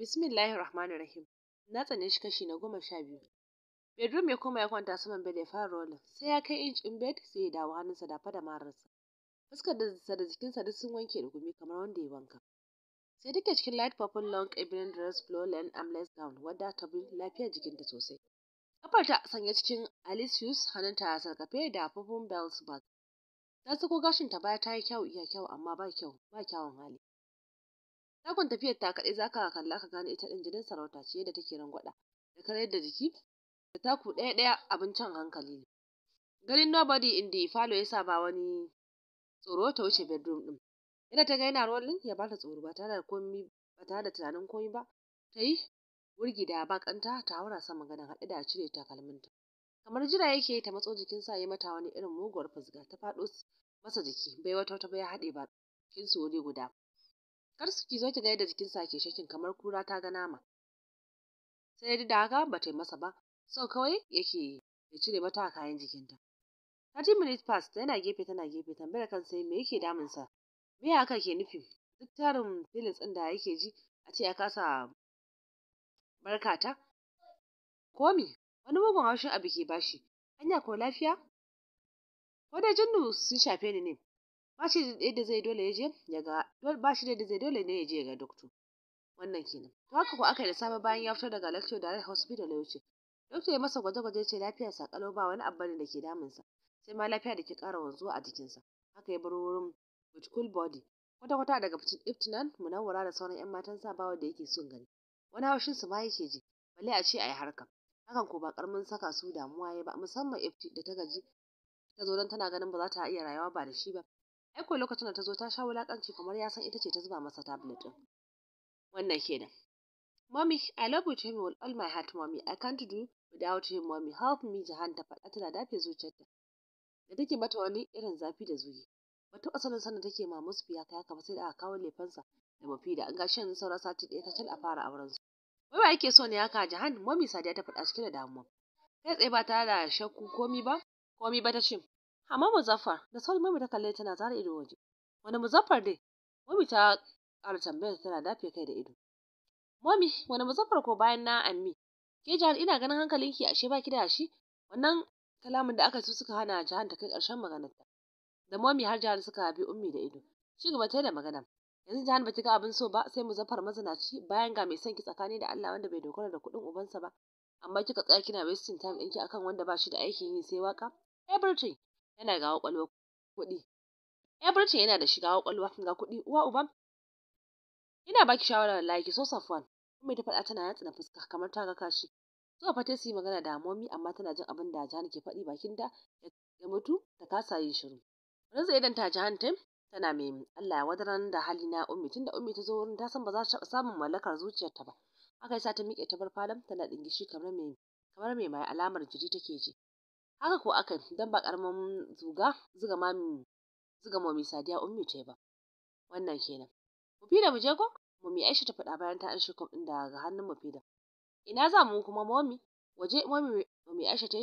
Bismillahir Rahmanir Rahim. Na tsane shi kashi na goma sha biyu. Bedroom ya koma ya kwanta saman bed ya fara rolling. Sai ya kai inch in bed sai ya dawo hannunsa da fada mararsa. Fuskar da da jikinsa duk sun wanke da gumi kamar wanda ya wanka. Sai take cikin light purple long evening dress flow length armless gown wadda ta bi lafiyar jikinta sosai. ta sanya cikin Alicius hannunta a sarkafe da purple bells bag. Ta sako ta baya ta yi kyau iya kyau amma ba kyau ba kyawun hali. Takun tafiyar ta kaɗai za ka kalla ka gane ita ɗin jinin sarauta ce yadda take rangwaɗa da karyar da jiki da taku ɗaya ɗaya abin can hankali ne. Ganin nobody in the falo ya sa ba wani tsoro ta wuce bedroom ɗin. Yadda ta ga yana rolling ya bata tsoro ba tare da komi ba tare da tunanin komi ba ta yi wurgi da bakanta ta haura sama magana haɗe da cire takalminta. Kamar jira yake ta matso jikin sa ya mata wani irin muguwar fusga ta faɗo masa jiki bai wata wata ba ya haɗe ba su wuri guda. kar su ki zo ki ga yadda jikinsa ke shakin kamar kura ta ga nama sai da haka ba ta masa ba so kawai yake ya cire mata kayan jikinta thirty minutes past yana gefe tana gefe tambayar sai me yake damunsa me haka ke nufi duk tarin feelings ɗin da yake ji a ce ya kasa barkata komi wani mugun haushin abu ke bashi hanya ko lafiya ko da jinnu sun shafe ni ne ba shi da yadda zai dole ya je ya ga ba da yadda zai dole ne ya je ga doctor wannan kenan to haka ko aka yi da sabo bayan ya fito daga lecture direct hospital ya ce doctor ya masa gwaje-gwaje ce lafiya sa ba wani abu da ke sa sai ma lafiya da ke ƙara wanzuwa a jikin sa haka ya bar wurin with cool body kwata-kwata daga iftinan munawwara da sauran 'yan matan sa bawa da yake son gani wani haushin su ma yake ji balle a ce a yi harka hakan ko ba karamin saka su damuwa ya ba musamman ifti da ta gaji ta zo don tana ganin ba za ta iya rayuwa ba da shi ba Ai lokacin da ta zo ta sha wulakanci kamar ya san ita ce ta zuba masa tablet ɗin. Wannan kenan. Mommy, I love you to him with all my heart, mommy. I can't do without him, mommy. Help me, Jahan ta faɗa tana dafe zuciyarta. Da take mata wani irin zafi da zugi. Ba asalin sanin take ma musu biya kai haka ba sai da aka kawo lefansa da mafida. An gashi yanzu saura sati ɗaya kacal a fara auren su. Wai yake so ne haka Jahan? Mommy Sadiya ta faɗa cikin damuwa. Kai tsaye ba tare da shakku komi ba, komi ba ta ce. amma muzaffar da sauri mami ta kalle tana zara ido waje wani muzaffar dai mami ta ƙara tambayar tana dafe kai da ido mami wani muzaffar ko bayan na ammi ke jihar ina ganin hankalinki ashe baki da shi wannan kalamin da aka su suka hana jihar ta kai ƙarshen maganarta da mami har jihar suka bi ummi da ido ci gaba ta da magana yanzu jihar ta ga abin so ba sai muzaffar mazanaci. bayan ga mai son ki tsakani da Allah wanda bai dogara da kuɗin ubansa ba amma kika tsaya kina wasting time ɗinki akan wanda ba shi da aikin yi sai waka everything eh, yana ga kwakwalwa kuɗi everything yana da shiga kwakwalwa ga kuɗi uwa uban ina baki shawara wallahi ki so Safwan kuma ta faɗa tana yatsa fuska kamar ta ga kashi zuwa fa su yi magana da momi amma tana jin abin da Jahan ke faɗi bakin da ya mutu ta kasa yin shiru Rinsa idan ta Jahan ta tana mai Allah ya wadaran da hali na ummi Tun da ummi ta zo wurin ta san ba za ta samu samun mallakar zuciyarta ba haka yasa ta miƙe ta bar falon tana ɗingishi kamar mai kamar mai mai alamar jiri take ji haka ko aka yi don ba ƙaramin zuga zuga mami zuga mami sadiya ummi ce ba wannan kenan mufida mu je ko mi aisha ta faɗa bayan ta an shi ɗin daga hannun mufida ina za mu kuma mami waje mami mami aisha ta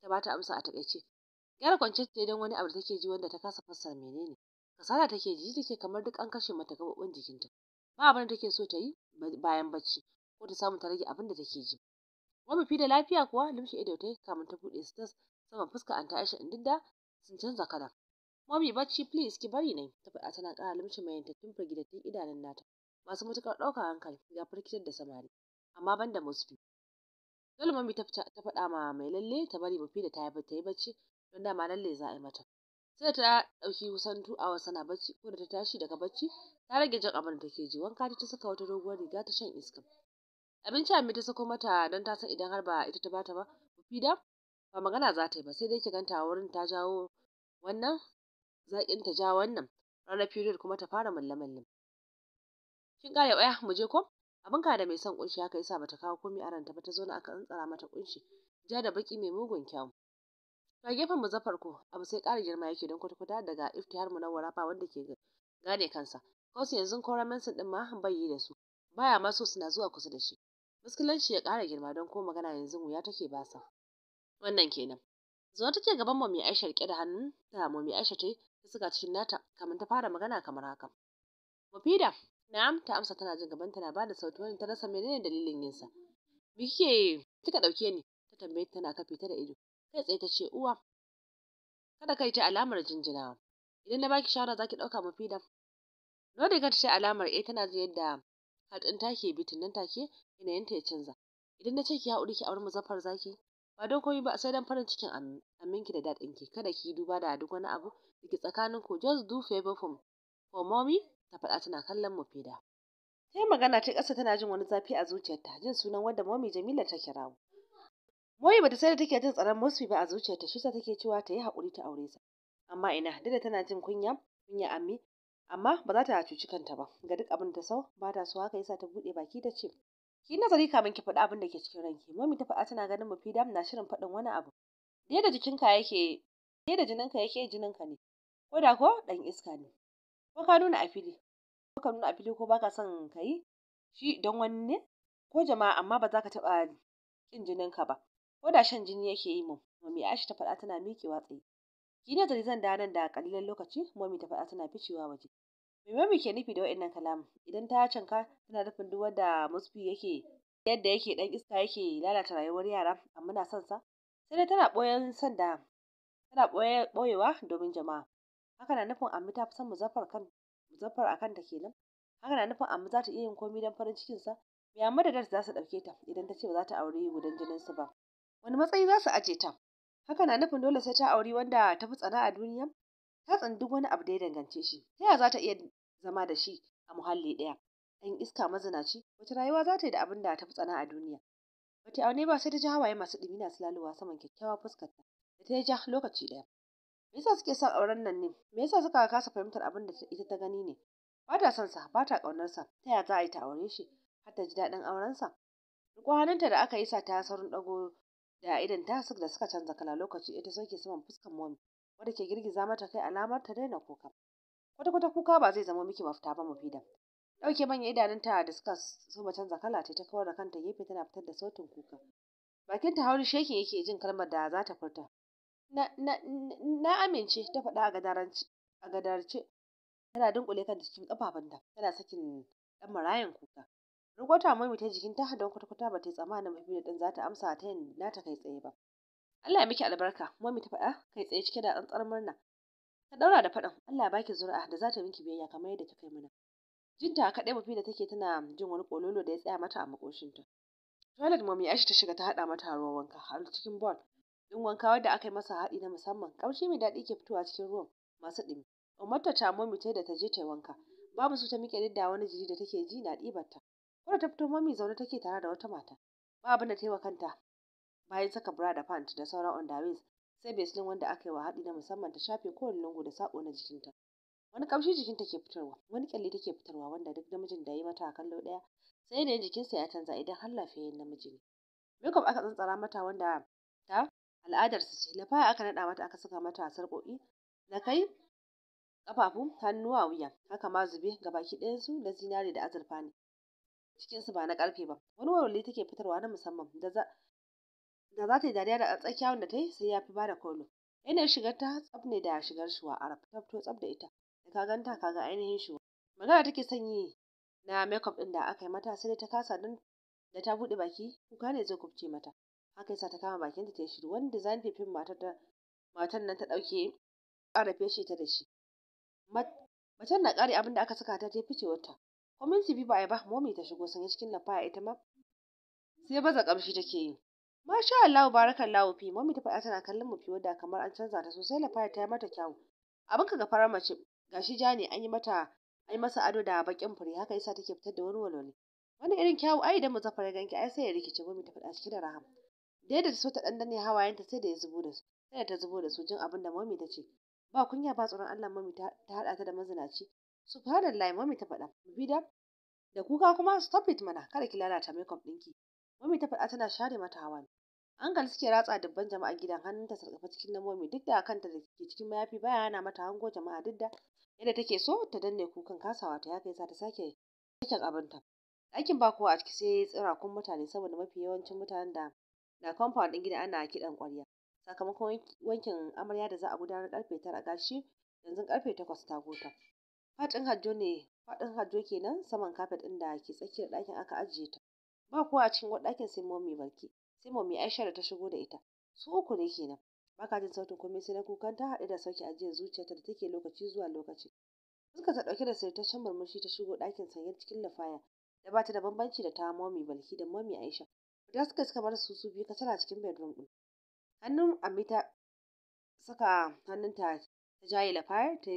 ta ba ta amsa a takaice gyara kwance ce dan wani abu da take ji wanda ta kasa fassara menene kasala take ji take kamar duk an kashe mata gabobin jikinta ba abin da take so ta yi bayan bacci ko ta samu ta rage abin da take ji wani fi lafiya kuwa limshi ido ta kamun ta buɗe stas saman fuska an ta aisha didda sun canza kala mami bacci please ki bari ne. ta faɗa tana ƙara lumshe mai tattun firgitattun idanun nata masu matuƙar ɗaukar hankali ya firkitar da samari amma ban da musfi dole mami ta faɗa ma mai lalle ta bari mafi da ta yi bacci don dama lalle za a yi mata sai ta ɗauki kusan tu awa sana bacci ko da ta tashi daga bacci ta rage jan abin da take ji wanka ta saka wata doguwar riga ta shan iska abinci a ta sako mata don ta san idan har ba ita ta bata ba mufida ba magana za ta yi ba sai dai ki ganta wurin ta jawo wannan zaƙin ta ja wannan ranar period kuma ta fara malle kin ƙara waya mu je ko abin ka da mai son kunshi haka yasa bata kawo komai a ranta ba ta zo na aka tsantsara mata kunshi ja da baki mai mugun kyau ta gefen muzaffar ko abu sai ƙara girma yake don kwata-kwata daga iftihar munawwara ba wanda ke gane kansa su yanzu ko mensin din ma ban yi da su baya ma so suna zuwa kusa da shi muskilanci ya ƙara girma don ko magana yanzu wuya take basa wannan kenan zuwa take gaban mu mai aisha rike da hannun ta mu mai aisha ta ta saka cikin nata kamar ta fara magana kamar haka mufida na'am ta amsa tana jin gaban ta, na bada sauti wani ta rasa menene dalilin yinsa me kike kika dauke ni ta tambaye tana kafe ta da ido kai tsaye ta ce uwa kada kai ta alamar jinjinawa idan na baki shawara zaki dauka mufida Lodigar ta alamar eh tana ji yadda hadin take bitin nan take ta ya canza idan na ce ki haƙuri ki aure muzaffar zaki ba don komai ba sai don farin cikin aminki da daɗin ki kada ki duba da duk wani abu da ke tsakanin ku just do favor for for mommy ta faɗa tana kallon mu fida sai magana ta ƙasa tana jin wani zafi a zuciyarta jin sunan wanda mommy Jamila ta kira Moyi bata sai da take jin tsaron Musfi ba a zuciyarta shi sa take cewa ta yi haƙuri ta aure sa amma ina duk da tana jin kunya kunya ammi amma ba za ta cuci kanta ba ga duk abin ta sau ba ta so haka yasa ta buɗe baki ta ce ki nazari kamin ki faɗi abin da ke cikin ranki mami ta faɗa tana ganin mufidam na shirin faɗin wani abu dai da jikinka yake dai da jininka yake jininka ne ko da ko dan iska ne ko ka nuna a fili ko ka nuna a fili ko baka son ka yi shi don wani ne ko jama'a amma ba za ka taɓa ƙin jininka ba ko da shan jini yake yi mun mami aisha ta faɗa tana miƙewa tsaye ki nazari zan da nan da ƙalilan lokaci mami ta faɗa tana ficewa waje Me Mami ke nufi da waɗannan kalaman? Idan ta canka tana nufin duk wanda Musfi yake yadda yake dan iska yake lalata rayuwar yara amma na son sa. Sai dai tana boyen sanda tana boyewa domin jama'a. Haka na nufin amma ta fi son Muzaffar kan Muzaffar akan ta kenan. Haka na nufin amma za ta iya yin komai don farin cikin sa. Me Amma da za su ɗauke ta idan ta ce ba za ta aure gudan jinin su ba. Wani matsayi za su aje ta? Haka na nufin dole sai ta auri wanda ta fi tsana a duniya. ta tsani wani abu da ya dangance shi ta yaya za ta iya zama da shi a muhalli ɗaya ɗan iska mazinaci wata rayuwa za ta yi da abin da ta fi tsana a duniya wata aune ba sai ta ji hawaye masu ɗumi na silalowa saman kyakkyawa fuskarta da ta ja lokaci ɗaya me yasa suke sa auren nan ne me yasa suka kasa fahimtar abin da ita ta gani ne ba ta son sa ba ta ƙaunar sa ta yaya za a yi ta aure shi har ta ji daɗin auren sa hannunta da aka yi sa ta saurin ɗago da idan ta da suka canza kala lokaci ita sauke saman fuskar momi wanda ke girgiza mata kai alamar ta daina kuka kwata kwata kuka ba zai zama miki mafita ba mafida dauke manyan idanunta da suka zuba canza kala ta kawar da kanta gefe tana fitar da sautin kuka bakin ta hauri sheki yake jin kalmar da za ta furta na na na amince ta faɗa a gadarance a gadarce tana dunkule kanta cikin kafafunta tana sakin dan marayan kuka rugota mai ta jikin ta don kwata kwata ba ta tsammanin mafi da dan za ta amsa ta yin nata kai tsaye ba Allah ya miki albarka mami ta faɗa kai tsaye cike da tsantsar murna ta daura da faɗin Allah ya baki zuri'a da za ta miki biyayya kamar yadda ta kai mana jinta kaɗai mafi da take tana jin wani kololo da ya tsaya mata a makoshin ta. toilet mami ashi ta shiga ta haɗa mata ruwan wanka har cikin bol din wanka wadda aka yi masa haɗi na musamman kaushi mai daɗi ke fitowa cikin ruwan masu ɗumi umarta ta mami ta da ta je ta yi wanka babu su ta miƙe da wani jiri da take ji na ɗibarta wadda ta fito mami zaune take tare da wata mata ba abin da ta kanta bayan saka bra da pant da sauran underwear sai basin wanda aka yi wa haɗi na musamman ta shafe kowane lungu da saƙo na jikinta wani ƙamshi jikinta ke fitarwa wani kyalle take fitarwa wanda duk namijin da ya yi mata a kallo ɗaya sai da jikinsa ya canza idan har lafiyayyen namiji ne makeup aka tsantsara mata wanda ta al'adarsa ce Na lafaya aka naɗa mata aka saka mata sarƙoƙi na kai ƙafafu hannuwa wuya haka ma zube ga baki ɗayansu na zinare da azurfa ne cikinsu ba na ƙarfe ba wani walwali take fitarwa na musamman da za da za ta yi dariya da tsakiya wanda ta yi sai ya fi ba da kolo yana shigar ta tsaf ne da shigar shuwa arab ta fito tsaf da ita da ka ganta ka ga ainihin shuwa magana take sanyi na makeup din da aka yi mata sai dai ta kasa don da ta buɗe baki kuka ne zai kubce mata haka yasa ta kama bakinta ta yi shiru wani design fifin matar da matar nan ta ɗauke ƙarafe shi ta da shi macen na kare abin da aka saka ta ta fice wata kwaminti bi ba a yi ba momi ta shigo sanye cikin lafaya ita ma sai baza kamshi take yi Masha Allah barakallahu fi mami ta faɗa tana kallon mu fiye da kamar an canza ta sosai lafaya ta yi mata kyau abin ka ga fara mace gashi ja ne an yi mata an yi masa ado da bakin fure haka yasa take fitar da wani walwali wani irin kyawu ai da muzaffar ganki ai sai ya rikice mami ta faɗa cike da rahama da yadda so ta dandane hawayenta sai da ya zubo da su sai ta zubo da su jin abin da mami ta ce ba kunya ba tsaron Allah mami ta haɗa ta da mazinaci subhanallah mami ta faɗa bida da kuka kuma stop it mana kada ki lalata makeup ɗinki mami ta faɗa tana share mata hawan Ankal suke ratsa dubban jama'a gidan hannunta sarƙafe cikin namomi duk da kanta da ke cikin mayafi baya hana mata hango jama'a duk da yadda take so ta danne kukan kasawa ta yaka yasa ta sake sakin abinta. Ɗakin ba kowa a ciki sai tsirakun mutane saboda mafi yawancin mutanen da na compound ɗin gidan ana kiɗan ƙwarya. Sakamakon wankin amarya da za a gudanar ƙarfe tara gashi yanzu ƙarfe takwas ta gota. Faɗin hajjo ne faɗin hajjo kenan saman kafet ɗin da ke tsakiyar ɗakin aka ajiye ta. Ba kowa a cikin ɗakin sai momi barke. sai Aisha da ta shigo da ita su uku ne kenan baka jin sautin komai sai na kukan ta haɗu da sauki ajiyar zuciyarta da take lokaci zuwa lokaci suka ta ɗauke da sirtaccen murmushi ta shigo ɗakin sanye cikin lafaya da ba ta da bambanci da ta mami balki da mami aisha da suka suka bar su su biyu ka tana cikin bedroom ɗin hannun amita saka hannunta ta jaye lafayar ta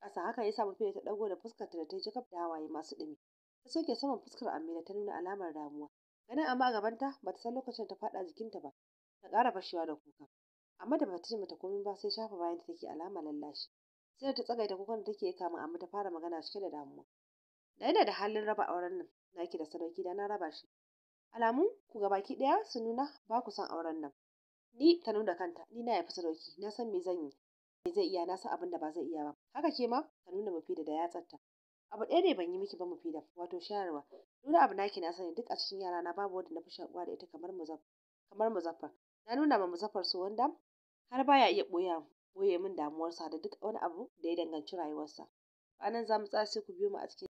ƙasa haka ya samu fiye ta ɗago da fuskar ta da ta jakab da hawaye masu ɗumi ta soke saman fuskar amina ta nuna alamar damuwa Ganin amma a gabanta ba ta san lokacin da ta faɗa jikinta ba, ta ƙara fashewa da kuka. Amma da ba ta ce mata komai ba sai shafa bayan ta take alama lallashi. Sai da ta tsagaita kukan da take kamin amma ta fara magana cike da damuwa. Da yana da halin raba auren nan naki da sadauki da na raba shi. Alamun ku ga baki ɗaya su nuna ba ku son auren nan. Ni ta nuna kanta, ni na yafi sadauki, na san me zan yi. Me zai iya, na san abin da ba zai iya ba. Haka ke ma ta nuna mafi da yatsarta. abu ɗaya ne ban yi miki ba mu fida wato shayarwa nuna abu naki na sani duk a cikin yara na babu wanda na fi shakuwa da ita kamar muzaffar kamar muzaffar na nuna ma muzaffar su wanda har baya iya ɓoya ɓoye min damuwarsa da duk wani abu da ya danganci rayuwarsa a nan za mu tsaya sai ku biyo mu a cikin